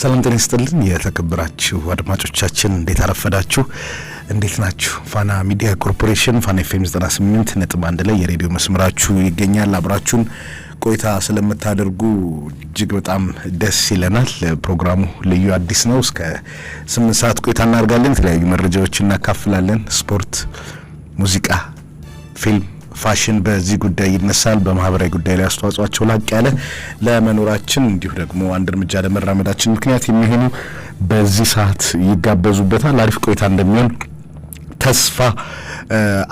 ሰላም ጤና ይስጥልን። የተከበራችሁ አድማጮቻችን እንዴት አረፈዳችሁ? እንዴት ናችሁ? ፋና ሚዲያ ኮርፖሬሽን ፋና ኤፍኤም 98 ነጥብ አንድ ላይ የሬዲዮ መስመራችሁ ይገኛል። አብራችሁን ቆይታ ስለምታደርጉ እጅግ በጣም ደስ ይለናል። ፕሮግራሙ ልዩ አዲስ ነው። እስከ ስምንት ሰዓት ቆይታ እናደርጋለን። የተለያዩ መረጃዎች እናካፍላለን። ስፖርት፣ ሙዚቃ፣ ፊልም ፋሽን በዚህ ጉዳይ ይነሳል። በማህበራዊ ጉዳይ ላይ አስተዋጽኦቸው ላቅ ያለ ለመኖራችን እንዲሁ ደግሞ አንድ እርምጃ ለመራመዳችን ምክንያት የሚሆኑ በዚህ ሰዓት ይጋበዙበታል። አሪፍ ቆይታ እንደሚሆን ተስፋ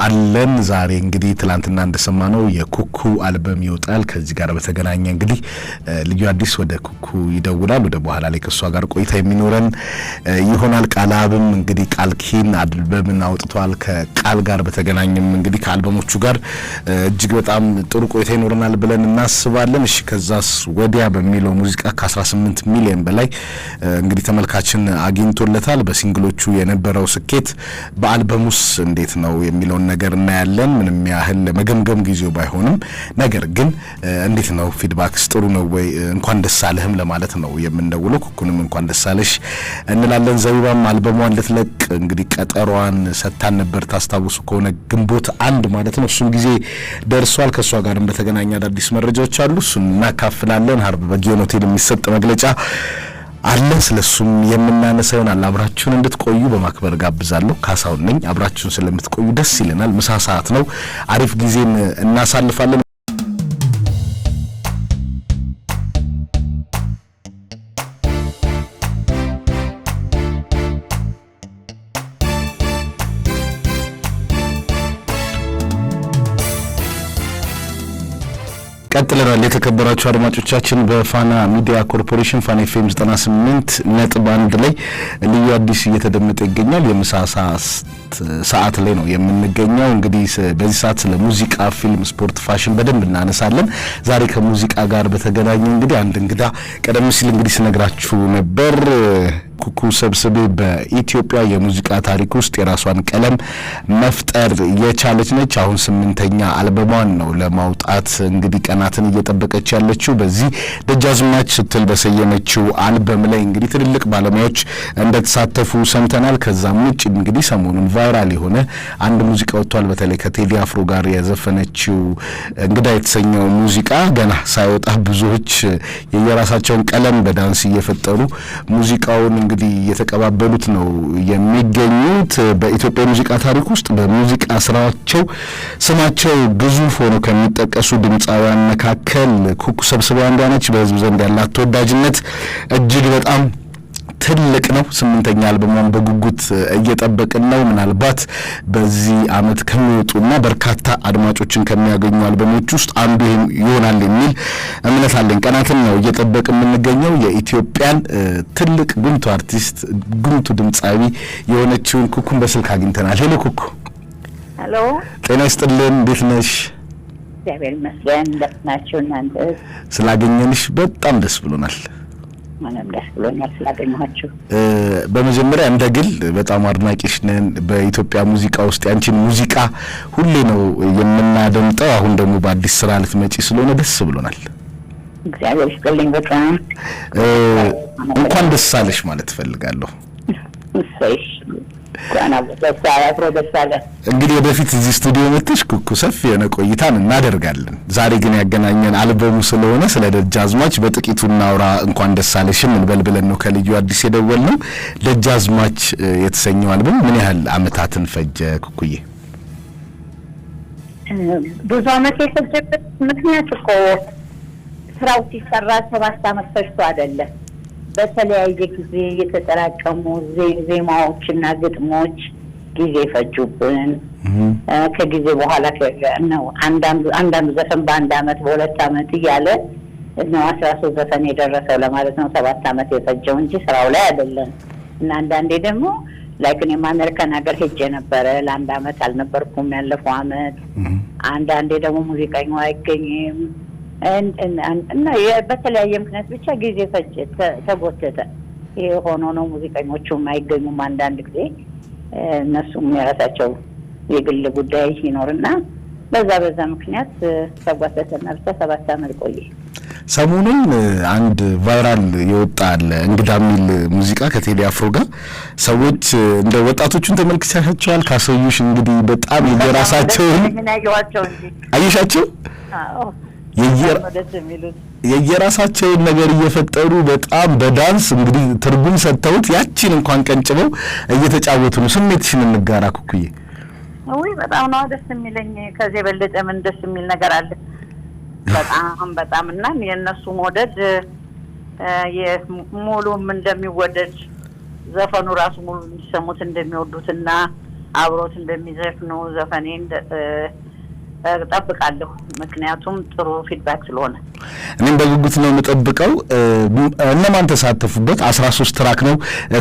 አለን። ዛሬ እንግዲህ ትላንትና እንደሰማነው የኩኩ አልበም ይወጣል። ከዚህ ጋር በተገናኘ እንግዲህ ልዩ አዲስ ወደ ኩኩ ይደውላል። ወደ በኋላ ላይ ከእሷ ጋር ቆይታ የሚኖረን ይሆናል። ቃልአብም እንግዲህ ቃልኪን አልበምን አውጥቷል። ከቃል ጋር በተገናኘም እንግዲህ ከአልበሞቹ ጋር እጅግ በጣም ጥሩ ቆይታ ይኖረናል ብለን እናስባለን። እሺ ከዛስ ወዲያ በሚለው ሙዚቃ ከ18 ሚሊዮን በላይ እንግዲህ ተመልካችን አግኝቶለታል። በሲንግሎቹ የነበረው ስኬት በአልበሙስ እንዴት ነው? የሚለውን ነገር እናያለን። ምንም ያህል ለመገምገም ጊዜው ባይሆንም ነገር ግን እንዴት ነው ፊድባክስ ጥሩ ነው ወይ? እንኳን ደስ አለህም ለማለት ነው የምንደውለው። ኩኩንም እንኳን ደስ አለሽ እንላለን። ዘቢባም አልበሟን ልትለቅ እንግዲህ ቀጠሯን ሰታን ነበር ታስታውሱ ከሆነ ግንቦት አንድ ማለት ነው። እሱም ጊዜ ደርሷል። ከእሷ ጋርም በተገናኘ አዳዲስ መረጃዎች አሉ፣ እሱን እናካፍላለን። ሀርብ በጊዮን ሆቴል የሚሰጥ መግለጫ አለ። ስለሱም የምናነሳ ይሆናል። አብራችሁን እንድትቆዩ በማክበር ጋብዛለሁ። ካሳሁን ነኝ። አብራችሁን ስለምትቆዩ ደስ ይለናል። ምሳ ሰዓት ነው። አሪፍ ጊዜን እናሳልፋለን። ቀጥለናል። የተከበራችሁ አድማጮቻችን በፋና ሚዲያ ኮርፖሬሽን ፋና ኤፍኤም 98 ነጥብ አንድ ላይ ልዩ አዲስ እየተደመጠ ይገኛል። የምሳ ሰዓት ላይ ነው የምንገኘው። እንግዲህ በዚህ ሰዓት ስለ ሙዚቃ፣ ፊልም፣ ስፖርት፣ ፋሽን በደንብ እናነሳለን። ዛሬ ከሙዚቃ ጋር በተገናኘ እንግዲህ አንድ እንግዳ ቀደም ሲል እንግዲህ ስነግራችሁ ነበር ኩኩ ሰብስቤ በኢትዮጵያ የሙዚቃ ታሪክ ውስጥ የራሷን ቀለም መፍጠር የቻለች ነች። አሁን ስምንተኛ አልበሟን ነው ለማውጣት እንግዲህ ቀናትን እየጠበቀች ያለችው። በዚህ ደጃዝማች ስትል በሰየመችው አልበም ላይ እንግዲህ ትልልቅ ባለሙያዎች እንደተሳተፉ ሰምተናል። ከዛም ውጭ እንግዲህ ሰሞኑን ቫይራል የሆነ አንድ ሙዚቃ ወጥቷል። በተለይ ከቴዲ አፍሮ ጋር የዘፈነችው እንግዳ የተሰኘው ሙዚቃ ገና ሳይወጣ ብዙዎች የየራሳቸውን ቀለም በዳንስ እየፈጠሩ ሙዚቃውን እንግዲህ እየተቀባበሉት ነው የሚገኙት። በኢትዮጵያ ሙዚቃ ታሪክ ውስጥ በሙዚቃ ስራቸው ስማቸው ግዙፍ ሆነው ከሚጠቀሱ ድምፃውያን መካከል ኩኩ ሰብስቤ አንዷ ነች። በህዝብ ዘንድ ያላት ተወዳጅነት እጅግ በጣም ትልቅ ነው። ስምንተኛ አልበሟን በጉጉት እየጠበቅን ነው። ምናልባት በዚህ አመት ከሚወጡና በርካታ አድማጮችን ከሚያገኙ አልበሞች ውስጥ አንዱ ይሆናል የሚል እምነት አለኝ። ቀናትን ነው እየጠበቅ የምንገኘው የኢትዮጵያን ትልቅ ጉምቱ አርቲስት ጉምቱ ድምፃዊ የሆነችውን ኩኩን በስልክ አግኝተናል። ሄሎ ኩኩ። ሄሎ፣ ጤና ይስጥልን። እንዴት ነሽ? እግዚአብሔር ይመስገን። ደህና ናችሁ እናንተ? ስላገኘንሽ በጣም ደስ ብሎናል። ደስ ብሎኛል ስላገኘኋችሁ። በመጀመሪያ እንደ ግል በጣም አድናቂሽ ነን። በኢትዮጵያ ሙዚቃ ውስጥ ያንቺን ሙዚቃ ሁሌ ነው የምናደምጠው። አሁን ደግሞ በአዲስ ስራ ልትመጪ ስለሆነ ደስ ብሎናል። እግዚአብሔር ይስጥልኝ። በጣም እንኳን ደስ አለሽ ማለት እፈልጋለሁ። እሰይ እንግዲህ ወደፊት እዚህ ስቱዲዮ መጥተሽ ኩኩ ሰፊ የሆነ ቆይታን እናደርጋለን። ዛሬ ግን ያገናኘን አልበሙ ስለሆነ ስለ ደጃዝማች በጥቂቱ እናውራ። እንኳን ደስ አለሽም እንበል ብለን ነው ከልዩ አዲስ የደወል ነው። ደጃዝማች የተሰኘው አልበም ምን ያህል አመታትን ፈጀ ኩኩዬ? ብዙ አመት የፈጀበት ምክንያት እኮ ስራው ሲሰራ ሰባት አመት ፈጅቶ አይደለም በተለያየ ጊዜ የተጠራቀሙ ዜማዎችና ግጥሞች ጊዜ ፈጁብን። ከጊዜ በኋላ ነው አንዳንዱ ዘፈን በአንድ አመት በሁለት አመት እያለ ነው አስራ ሶስት ዘፈን የደረሰው ለማለት ነው። ሰባት አመት የፈጀው እንጂ ስራው ላይ አይደለም። እና አንዳንዴ ደግሞ ላይክ እኔም አሜሪካን ሀገር ሄጄ ነበረ። ለአንድ አመት አልነበርኩም ያለፈው አመት። አንዳንዴ ደግሞ ሙዚቀኛው አይገኝም እና በተለያየ ምክንያት ብቻ ጊዜ ፈጀ፣ ተጎተተ። ይሄ ሆኖ ነው። ሙዚቀኞቹም አይገኙም። አንዳንድ ጊዜ እነሱም የራሳቸው የግል ጉዳይ ይኖርና በዛ በዛ ምክንያት ተጓተተና ብቻ ሰባት አመት ቆየ። ሰሞኑን አንድ ቫይራል የወጣ አለ እንግዳ የሚል ሙዚቃ ከቴዲ አፍሮ ጋር ሰዎች እንደ ወጣቶቹን ተመልክቻቸዋል። ካሰዩሽ እንግዲህ በጣም የራሳቸውን አየሻቸው የየራሳቸውን ነገር እየፈጠሩ በጣም በዳንስ እንግዲህ ትርጉም ሰጥተውት ያቺን እንኳን ቀንጭበው እየተጫወቱ ነው። ስሜትሽን እንጋራ ኩኩዬ። ውይ በጣም ነው ደስ የሚለኝ። ከዚህ የበለጠ ምን ደስ የሚል ነገር አለ? በጣም በጣም እና የእነሱ መውደድ ሙሉም እንደሚወደድ ዘፈኑ ራሱ ሙሉ የሚሰሙት እንደሚወዱትና አብሮት እንደሚዘፍኑ ዘፈኔ እጠብቃለሁ። ምክንያቱም ጥሩ ፊድባክ ስለሆነ እኔም በጉጉት ነው የምጠብቀው። እነማን ተሳተፉበት? አስራ ሶስት ትራክ ነው።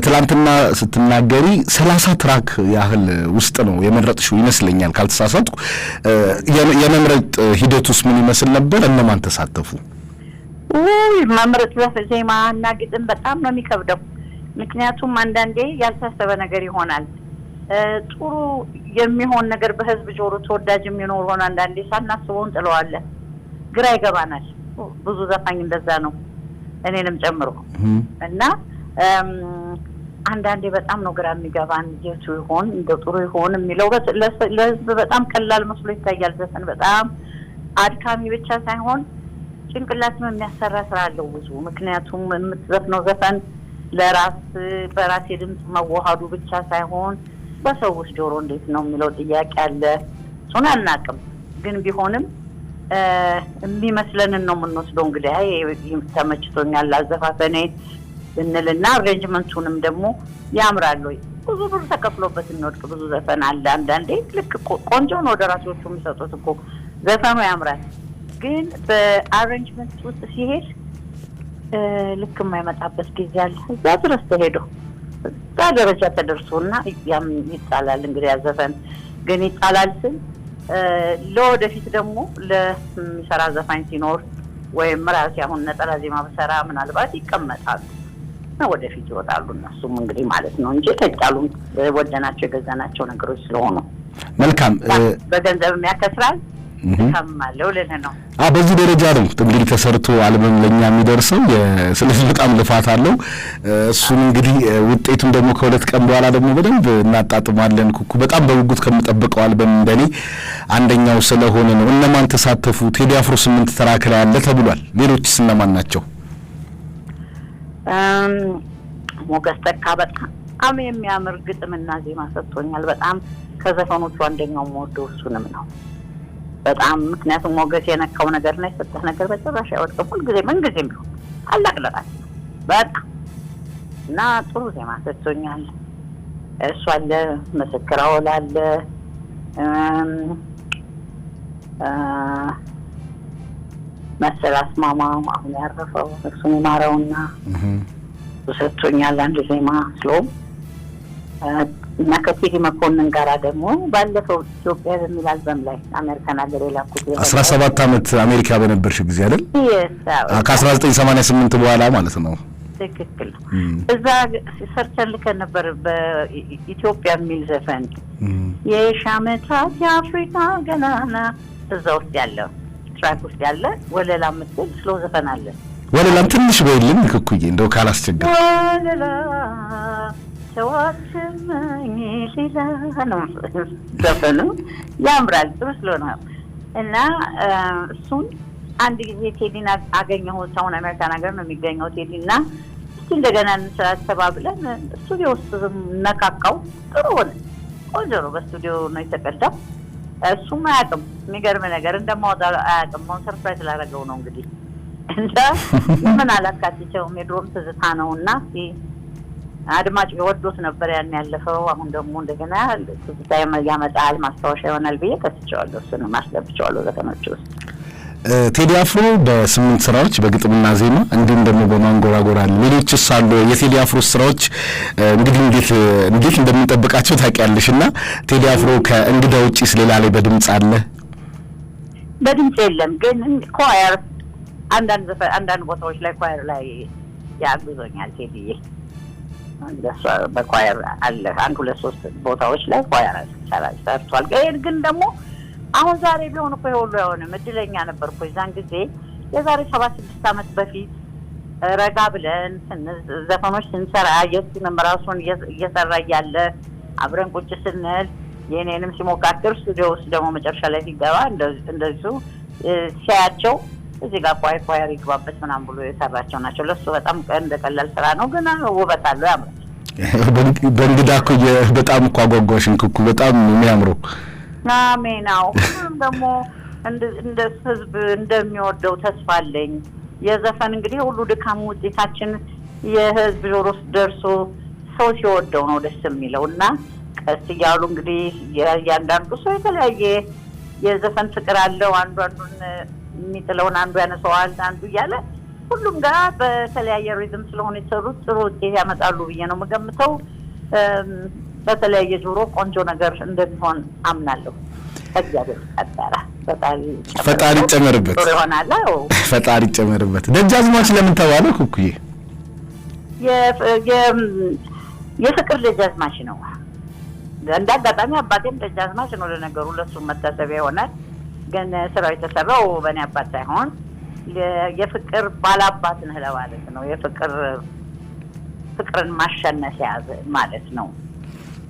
ትላንትና ስትናገሪ ሰላሳ ትራክ ያህል ውስጥ ነው የመረጥሽው ይመስለኛል ካልተሳሳትኩ። የመምረጥ ውስጥ ምን ይመስል ነበር? እነማን ተሳተፉ? ውይ መምረጥ ዜማ እና ግጥም በጣም ነው የሚከብደው። ምክንያቱም አንዳንዴ ያልታሰበ ነገር ይሆናል ጥሩ የሚሆን ነገር በህዝብ ጆሮ ተወዳጅ የሚኖር ሆነ አንዳንዴ ሳናስበው እንጥለዋለን። ግራ ይገባናል። ብዙ ዘፋኝ እንደዛ ነው፣ እኔንም ጨምሮ እና አንዳንዴ በጣም ነው ግራ የሚገባን። የቱ ይሆን እንደ ጥሩ ይሆን የሚለው ለህዝብ በጣም ቀላል መስሎ ይታያል። ዘፈን በጣም አድካሚ ብቻ ሳይሆን ጭንቅላትም የሚያሰራ ስራ አለው ብዙ። ምክንያቱም የምትዘፍነው ዘፈን ለራስ በራሴ የድምፅ መዋሃዱ ብቻ ሳይሆን በሰዎች ጆሮ እንዴት ነው የሚለው ጥያቄ አለ። እሱን አናቅም፣ ግን ቢሆንም የሚመስለንን ነው የምንወስደው። እንግዲህ ተመችቶኛል አዘፋፈኔ ብንልና አሬንጅመንቱንም ደግሞ ያምራል ወይ ብዙ ብር ተከፍሎበት እንወድቅ ብዙ ዘፈን አለ። አንዳንዴ ልክ ቆንጆ ነው ደራሲዎቹ የሚሰጡት እኮ ዘፈኑ ያምራል፣ ግን በአሬንጅመንት ውስጥ ሲሄድ ልክ የማይመጣበት ጊዜ አለ። እዛ ድረስ ተሄደው እዛ ደረጃ ተደርሶና ያም ይጣላል። እንግዲህ ያዘፈን ግን ይጣላል ስል ለወደፊት ደግሞ ለሚሰራ ዘፋኝ ሲኖር ወይም ራሴ አሁን ነጠላ ዜማ ብሰራ ምናልባት ይቀመጣሉ እና ወደፊት ይወጣሉ እነሱም እንግዲህ ማለት ነው እንጂ ተጫሉ ወደናቸው የገዛናቸው ነገሮች ስለሆኑ መልካም በገንዘብ ያከስራል እታማለሁ ልልህ ነው። በዚህ ደረጃ ነው እንግዲህ ተሰርቶ አልበም ለእኛ የሚደርሰው። ስለዚህ በጣም ልፋት አለው። እሱን እንግዲህ ውጤቱን ደግሞ ከሁለት ቀን በኋላ ደግሞ በደንብ እናጣጥማለን። ኩኩ በጣም በጉጉት ከምጠብቀው አልበም እንደኔ አንደኛው ስለሆነ ነው። እነማን ተሳተፉ? ቴዲ አፍሮ ስምንት ተራክላ ያለ ተብሏል። ሌሎችስ እነማን ናቸው? ሞገስ ተካ በጣም የሚያምር ግጥምና ዜማ ሰጥቶኛል። በጣም ከዘፈኖቹ አንደኛው መወደው እሱንም ነው በጣም ምክንያቱም ሞገስ የነካው ነገር እና የሰጠህ ነገር በጭራሽ አይወድቅም። ሁልጊዜ ምንጊዜም ቢሆን ታላቅ ለራስ በጣም እና ጥሩ ዜማ ሰጥቶኛል። እሱ አለ ምስክር አወል አለ መሰል አስማማው አሁን ያረፈው እሱ ይማረውና ሰጥቶኛል አንድ ዜማ ስሎም እና ከቴፊ መኮንን ጋራ ደግሞ ባለፈው ኢትዮጵያ በሚል አልበም ላይ አሜሪካን ሀገር የላኩት አስራ ሰባት አመት አሜሪካ በነበርሽ ጊዜ አይደል? ከአስራ ዘጠኝ ሰማንያ ስምንት በኋላ ማለት ነው። ትክክል። እዛ ሰርተን ልከን ነበር በኢትዮጵያ የሚል ዘፈን የሺ አመታት የአፍሪካ ገናና እዛ ውስጥ ያለ ትራክ ውስጥ ያለ ወለላ ምትል ስሎ ዘፈን አለ። ወለላም ትንሽ በይልን ክኩዬ እንደው ካላስቸግር ወለላ ሰዎችም ሌላ ነው ዘፈኑ ያምራል፣ ጥሩ ስለሆነ እና እሱን አንድ ጊዜ ቴዲን አገኘሁት። አሁን አሜሪካን ሀገር ነው የሚገኘው ቴዲ እና እስቲ እንደገና እንስራ ተባብለን ስቱዲዮ ውስጥ ነካካው። ጥሩ ሆነ፣ ቆንጆ ነው። በስቱዲዮ ነው የተቀዳው። እሱም አያውቅም። የሚገርም ነገር እንደማወጣ አያውቅም። አሁን ሰርፕራይዝ ላደረገው ነው እንግዲህ እና ምን አላካትቸውም የድሮም ትዝታ ነው እና አድማጭ የወዶት ነበር ያን ያለፈው። አሁን ደግሞ እንደገና ትዝታ ያመጣል ማስታወሻ ይሆናል ብዬ ከስቸዋለሁ። እሱን አስገብቸዋለሁ ዘፈኖች ውስጥ ቴዲ አፍሮ በስምንት ስራዎች በግጥምና ዜማ እንዲሁም ደግሞ በማንጎራጎራ ሌሎች ሌሎችስ አሉ? የቴዲ አፍሮ ስራዎች እንግዲህ እንዴት እንዴት እንደምንጠብቃቸው ታውቂያለሽ። እና ቴዲ አፍሮ ከእንግዳ ውጪስ ሌላ ላይ በድምፅ አለ? በድምፅ የለም፣ ግን ኳየር አንዳንድ አንዳንድ ቦታዎች ላይ ኳየር ላይ ያግዞኛል ቴዲዬ በኳየር አለ። አንድ ሁለት ሶስት ቦታዎች ላይ ኳየር ይቻላል ሰርቷል። ይሄን ግን ደግሞ አሁን ዛሬ ቢሆን እኮ የሁሉ ሁሉ አይሆንም። እድለኛ ነበርኩ የዛን ጊዜ የዛሬ ሰባ ስድስት አመት በፊት ረጋ ብለን ዘፈኖች ስንሰራ የሱንም ራሱን እየሰራ እያለ አብረን ቁጭ ስንል የእኔንም ሲሞካክር ስቱዲዮ ውስጥ ደግሞ መጨረሻ ላይ ሲገባ እንደዚሁ ሲያያቸው እዚህ ጋር ቋይ ኳየር ይግባበት ምናምን ብሎ የሰራቸው ናቸው። ለሱ በጣም እንደ ቀላል ስራ ነው፣ ግን ውበት አለው ያምራል። በእንግዳ እኮ በጣም እኮ አጓጓሽን ኩኩ በጣም የሚያምረው ናሜናው ሁሉም ደግሞ እንደ ህዝብ እንደሚወደው ተስፋ አለኝ። የዘፈን እንግዲህ ሁሉ ድካም ውጤታችን የህዝብ ጆሮ ውስጥ ደርሶ ሰው ሲወደው ነው ደስ የሚለው እና ቀስ እያሉ እንግዲህ እያንዳንዱ ሰው የተለያየ የዘፈን ፍቅር አለው አንዱ አንዱን የሚጥለውን አንዱ ያነሰዋል አንዱ እያለ ሁሉም ጋር በተለያየ ሪዝም ስለሆነ የሰሩት ጥሩ ውጤት ያመጣሉ ብዬ ነው የምገምተው። በተለያየ ጆሮ ቆንጆ ነገር እንደሚሆን አምናለሁ። ፈጣሪ ይጨመርበት ይሆናል። ፈጣሪ ይጨመርበት። ደጃዝማች ለምን ተባለ? ኩኩዬ የፍቅር ደጃዝማች ነው። እንደ አጋጣሚ አባቴም ደጃዝማች ነው። ለነገሩ ለሱ መታሰቢያ ይሆናል። ግን ስራው የተሰራው በእኔ አባት ሳይሆን የፍቅር ባላባት ነህ ለማለት ነው። የፍቅር ፍቅርን ማሸነፍ የያዘ ማለት ነው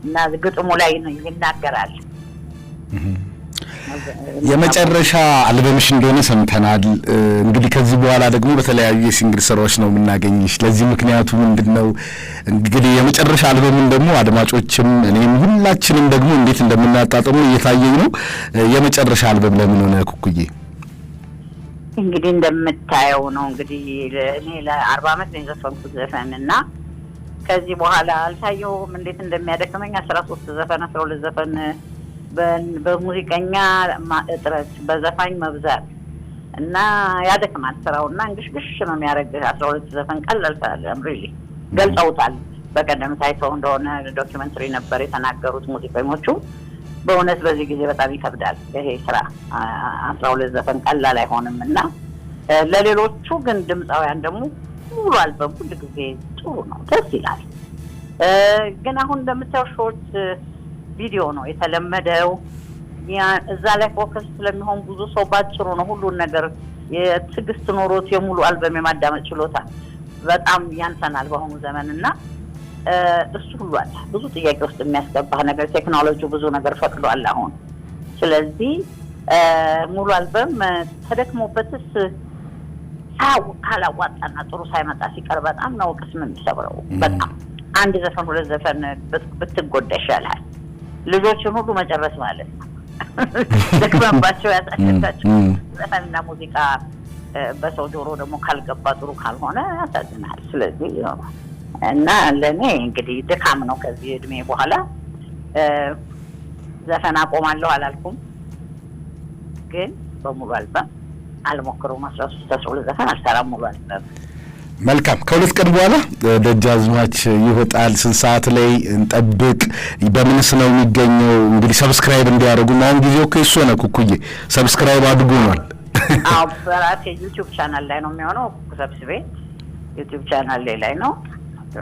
እና ግጥሙ ላይ ይናገራል የመጨረሻ አልበምሽ እንደሆነ ሰምተናል። እንግዲህ ከዚህ በኋላ ደግሞ በተለያዩ የሲንግል ስራዎች ነው የምናገኝሽ። ለዚህ ምክንያቱ ምንድን ነው? እንግዲህ የመጨረሻ አልበምን ደግሞ አድማጮችም እኔም ሁላችንም ደግሞ እንዴት እንደምናጣጥሙ እየታየኝ ነው። የመጨረሻ አልበም ለምን ሆነ ኩኩዬ? እንግዲህ እንደምታየው ነው። እንግዲህ እኔ ለአርባ ዓመት ነው የዘፈንኩት ዘፈን እና ከዚህ በኋላ አልታየውም እንዴት እንደሚያደክመኝ አስራ ሶስት ዘፈን አስራ ሁለት ዘፈን በሙዚቀኛ እጥረት፣ በዘፋኝ መብዛት እና ያደክማል ስራው እና እንግሽግሽ ነው የሚያደርግህ። አስራ ሁለት ዘፈን ቀላል ስላለም ሪሊ ገልጸውታል። በቀደም ታይተው እንደሆነ ዶኪመንትሪ ነበር የተናገሩት ሙዚቀኞቹ። በእውነት በዚህ ጊዜ በጣም ይከብዳል ይሄ ስራ። አስራ ሁለት ዘፈን ቀላል አይሆንም እና ለሌሎቹ ግን ድምፃውያን ደግሞ ሙሉ አልበም ሁሉ ጊዜ ጥሩ ነው፣ ደስ ይላል። ግን አሁን እንደምታው ሾርት ቪዲዮ ነው የተለመደው። እዛ ላይ ፎከስ ስለሚሆን ብዙ ሰው ባጭሩ ነው ሁሉን ነገር የትዕግስት ኖሮት የሙሉ አልበም የማዳመጥ ችሎታ በጣም ያንሰናል በአሁኑ ዘመን እና እሱ ሁሉ አለ። ብዙ ጥያቄ ውስጥ የሚያስገባ ነገር ቴክኖሎጂ ብዙ ነገር ፈቅዷል አሁን። ስለዚህ ሙሉ አልበም ተደክሞበትስ ካላዋጣና ጥሩ ሳይመጣ ሲቀር በጣም ነው ቅስም የሚሰብረው። በጣም አንድ ዘፈን ሁለት ዘፈን ብትጎዳ ይሻላል። ልጆችን ሁሉ መጨረስ ማለት ነው። ደክመባቸው ያሳደጋቸው ዘፈንና ሙዚቃ በሰው ጆሮ ደግሞ ካልገባ ጥሩ ካልሆነ ያሳዝናል። ስለዚህ እና ለእኔ እንግዲህ ድካም ነው። ከዚህ እድሜ በኋላ ዘፈን አቆማለሁ አላልኩም፣ ግን በሙሉ አልበም አልሞክረውም። አስራ ሶስት አስራ ሁለት ዘፈን አልሰራም ሙሉ አልበም መልካም ከሁለት ቀን በኋላ ደጃዝማች ይወጣል። ስንት ሰዓት ላይ እንጠብቅ? በምንስ ነው የሚገኘው? እንግዲህ ሰብስክራይብ እንዲያደርጉ አሁን ጊዜው እኮ እሱ ኩኩዬ ሰብስክራይብ አድርጎኗል። አዎ በራሴ ዩቲዩብ ቻናል ላይ ነው የሚሆነው። ኩኩ ሰብስቤ ዩቲዩብ ቻናል ላይ ነው፣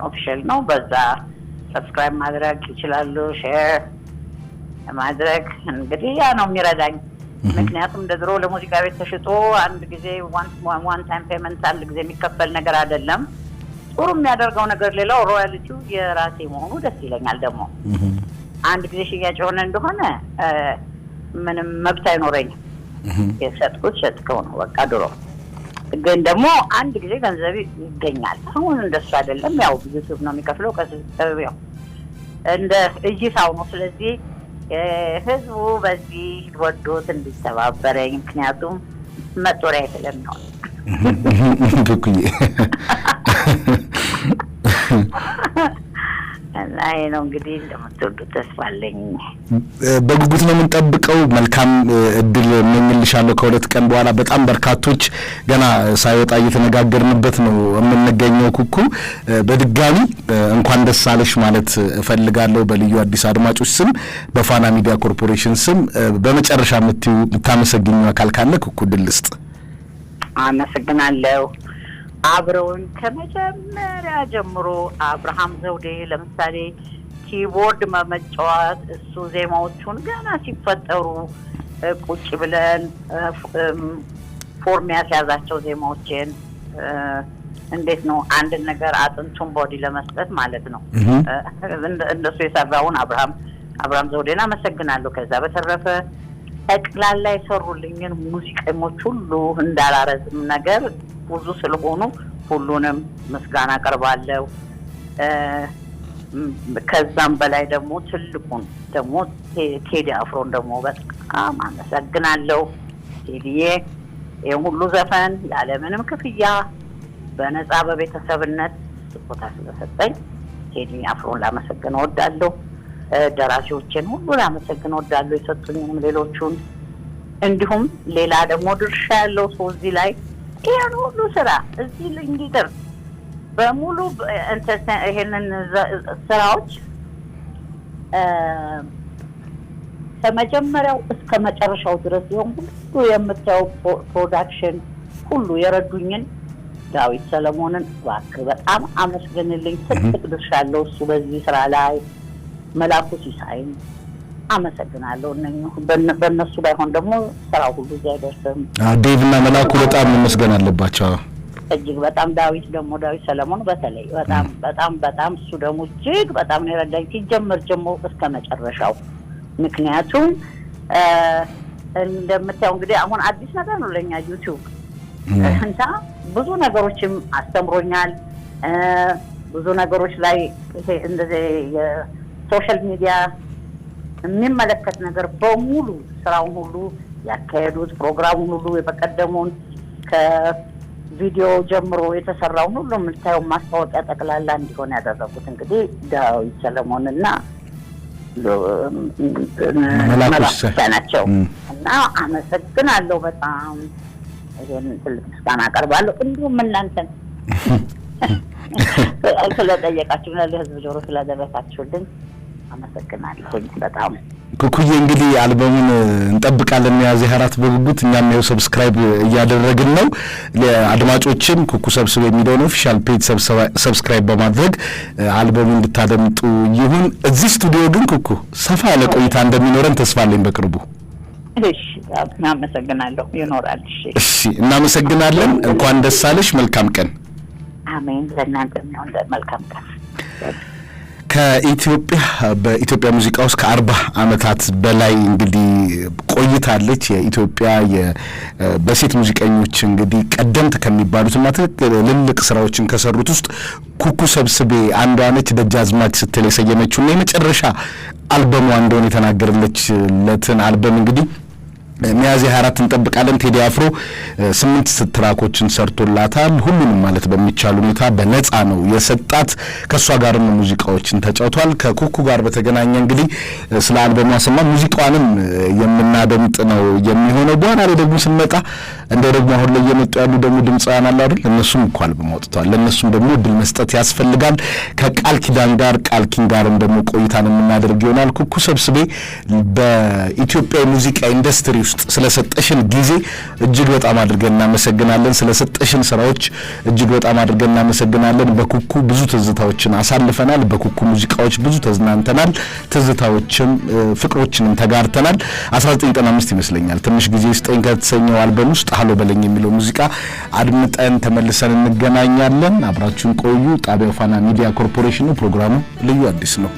ኦፊሻል ነው። በዛ ሰብስክራይብ ማድረግ ይችላሉ፣ ሼር ማድረግ እንግዲህ ያ ነው የሚረዳኝ። ምክንያቱም እንደ ድሮ ለሙዚቃ ቤት ተሽጦ አንድ ጊዜ ዋን ታይም ፔመንት አንድ ጊዜ የሚከፈል ነገር አይደለም። ጥሩ የሚያደርገው ነገር ሌላው ሮያልቲው የራሴ መሆኑ ደስ ይለኛል። ደግሞ አንድ ጊዜ ሽያጭ የሆነ እንደሆነ ምንም መብት አይኖረኝም። የሰጥኩት ሸጥከው ነው በቃ። ድሮ ግን ደግሞ አንድ ጊዜ ገንዘብ ይገኛል። አሁን እንደሱ አይደለም። ያው ዩቱብ ነው የሚከፍለው። ቀስ ያው እንደ እይታው ነው። ስለዚህ ህዝቡ በዚህ ወዶት እንዲተባበረኝ ምክንያቱም መጦሪያ አይደለም ነው ተስፋዬ ነው እንግዲህ እንደምትወዱ ተስፋ አለኝ። በጉጉት ነው የምንጠብቀው። መልካም እድል እመኝልሻለሁ። ከሁለት ቀን በኋላ በጣም በርካቶች ገና ሳይወጣ እየተነጋገርንበት ነው የምንገኘው። ኩኩ በድጋሚ እንኳን ደስ አለሽ ማለት እፈልጋለሁ በልዩ አዲስ አድማጮች ስም፣ በፋና ሚዲያ ኮርፖሬሽን ስም። በመጨረሻ የምታመሰግኘው አካል ካለ ኩኩ ድል ስጥ። አመሰግናለሁ። አብረውን ከመጀመሪያ ጀምሮ አብርሃም ዘውዴ ለምሳሌ ኪቦርድ መመጫወት እሱ ዜማዎቹን ገና ሲፈጠሩ ቁጭ ብለን ፎርም ያስያዛቸው ዜማዎችን እንዴት ነው አንድ ነገር አጥንቱን ቦዲ ለመስጠት ማለት ነው። እንደሱ የሰራውን አብርሃም አብርሃም ዘውዴን አመሰግናለሁ። ከዛ በተረፈ ጠቅላላ የሰሩልኝን ሙዚቀኞች ሁሉ እንዳላረዝም ነገር ብዙ ስለሆኑ ሁሉንም ምስጋና አቀርባለሁ። ከዛም በላይ ደግሞ ትልቁን ደግሞ ቴዲ አፍሮን ደግሞ በጣም አመሰግናለሁ። ቴዲዬ ይህም ሁሉ ዘፈን ያለምንም ክፍያ በነፃ በቤተሰብነት ቦታ ስለሰጠኝ ቴዲ አፍሮን ላመሰግን እወዳለሁ። ደራሲዎችን ሁሉ ላመሰግን እወዳለሁ፣ የሰጡኝንም ሌሎቹን እንዲሁም ሌላ ደግሞ ድርሻ ያለው ሰው እዚህ ላይ ይሄን ሁሉ ስራ እዚህ እንዲደርስ በሙሉ ይሄንን ስራዎች ከመጀመሪያው እስከ መጨረሻው ድረስ ይሆን ሁሉ የምታየው ፕሮዳክሽን ሁሉ የረዱኝን ዳዊት ሰለሞንን እባክህ በጣም አመስግንልኝ። ትልቅ ድርሻ አለው እሱ በዚህ ስራ ላይ መላኩ ሲሳይን አመሰግናለሁ። በእነሱ ባይሆን ደግሞ ስራው ሁሉ እዚህ አይደርስም። ዴቭ እና መላኩ በጣም መመስገን አለባቸው። እጅግ በጣም ዳዊት ደግሞ ዳዊት ሰለሞን በተለይ በጣም በጣም በጣም እሱ ደግሞ እጅግ በጣም ነው የረዳኝ ሲጀመር ጀሞ እስከ መጨረሻው። ምክንያቱም እንደምታየው እንግዲህ አሁን አዲስ ነገር ነው ለእኛ ዩቲዩብ እና ብዙ ነገሮችም አስተምሮኛል። ብዙ ነገሮች ላይ እንደዚህ የሶሻል ሚዲያ የሚመለከት ነገር በሙሉ ስራውን ሁሉ ያካሄዱት ፕሮግራሙን ሁሉ የበቀደሙን ከቪዲዮ ጀምሮ የተሰራውን ሁሉ የምታየው ማስታወቂያ ጠቅላላ እንዲሆን ያደረጉት እንግዲህ ዳዊት ሰለሞንና መላኩሳ ናቸው እና አመሰግናለሁ። በጣም ይሄን ትልቅ ምስጋና አቀርባለሁ። እንዲሁም እናንተን ስለጠየቃችሁ ለህዝብ ጆሮ ስለደረሳችሁልኝ አመሰግናለሁኝ በጣም ኩኩዬ። እንግዲህ አልበሙን እንጠብቃለን የያዘ አራት በጉጉት እኛም ያው ሰብስክራይብ እያደረግን ነው። ለአድማጮችም ኩኩ ሰብስቤ የሚለውን ኦፊሻል ፔጅ ሰብስክራይብ በማድረግ አልበሙ እንድታደምጡ ይሁን። እዚህ ስቱዲዮ ግን ኩኩ ሰፋ ያለ ቆይታ እንደሚኖረን ተስፋ አለኝ በቅርቡ። እሺ ይኖራል። እሺ እናመሰግናለን። እንኳን ደስ አለሽ። መልካም ቀን። አሜን። ለእናንተ የሚሆን መልካም ቀን። ከኢትዮጵያ በኢትዮጵያ ሙዚቃ ውስጥ ከአርባ ዓመታት በላይ እንግዲህ ቆይታለች። የኢትዮጵያ በሴት ሙዚቀኞች እንግዲህ ቀደምት ከሚባሉትና ትልልቅ ስራዎችን ከሰሩት ውስጥ ኩኩ ሰብስቤ አንዷ ነች። ደጃዝማች ስትል የሰየመችውና የመጨረሻ አልበሟ እንደሆነ የተናገረለችለትን አልበም እንግዲህ ሚያዝያ 24 እንጠብቃለን። ቴዲ አፍሮ ስምንት ትራኮችን ሰርቶላታል። ሁሉንም ማለት በሚቻል ሁኔታ በነጻ ነው የሰጣት። ከእሷ ጋርም ሙዚቃዎችን ተጫውቷል። ከኩኩ ጋር በተገናኘ እንግዲህ ስለ አልበሟ ስማ ሙዚቃዋንም የምናደምጥ ነው የሚሆነው። በኋላ ላይ ደግሞ ስንመጣ እንደ ደግሞ አሁን ላይ እየመጡ ያሉ ደግሞ ድምፃውያን አሉ አይደል? እነሱም እኮ አልበም አውጥተዋል። ለእነሱም ደግሞ እድል መስጠት ያስፈልጋል። ከቃል ኪዳን ጋር ቃል ኪን ጋርም ደግሞ ቆይታን የምናደርግ ይሆናል። ኩኩ ሰብስቤ በኢትዮጵያ የሙዚቃ ኢንዱስትሪ ውስጥ ስለሰጠሽን ጊዜ እጅግ በጣም አድርገን እናመሰግናለን። ስለሰጠሽን ስራዎች እጅግ በጣም አድርገን እናመሰግናለን። በኩኩ ብዙ ትዝታዎችን አሳልፈናል። በኩኩ ሙዚቃዎች ብዙ ተዝናንተናል። ትዝታዎችን፣ ፍቅሮችንም ተጋርተናል። 1995 ይመስለኛል ትንሽ ጊዜ ስጠኝ ከተሰኘው አልበም ውስጥ ሀሎ በለኝ የሚለው ሙዚቃ አድምጠን ተመልሰን እንገናኛለን። አብራችሁን ቆዩ። ጣቢያው ፋና ሚዲያ ኮርፖሬሽን ነው። ፕሮግራሙ ልዩ አዲስ ነው።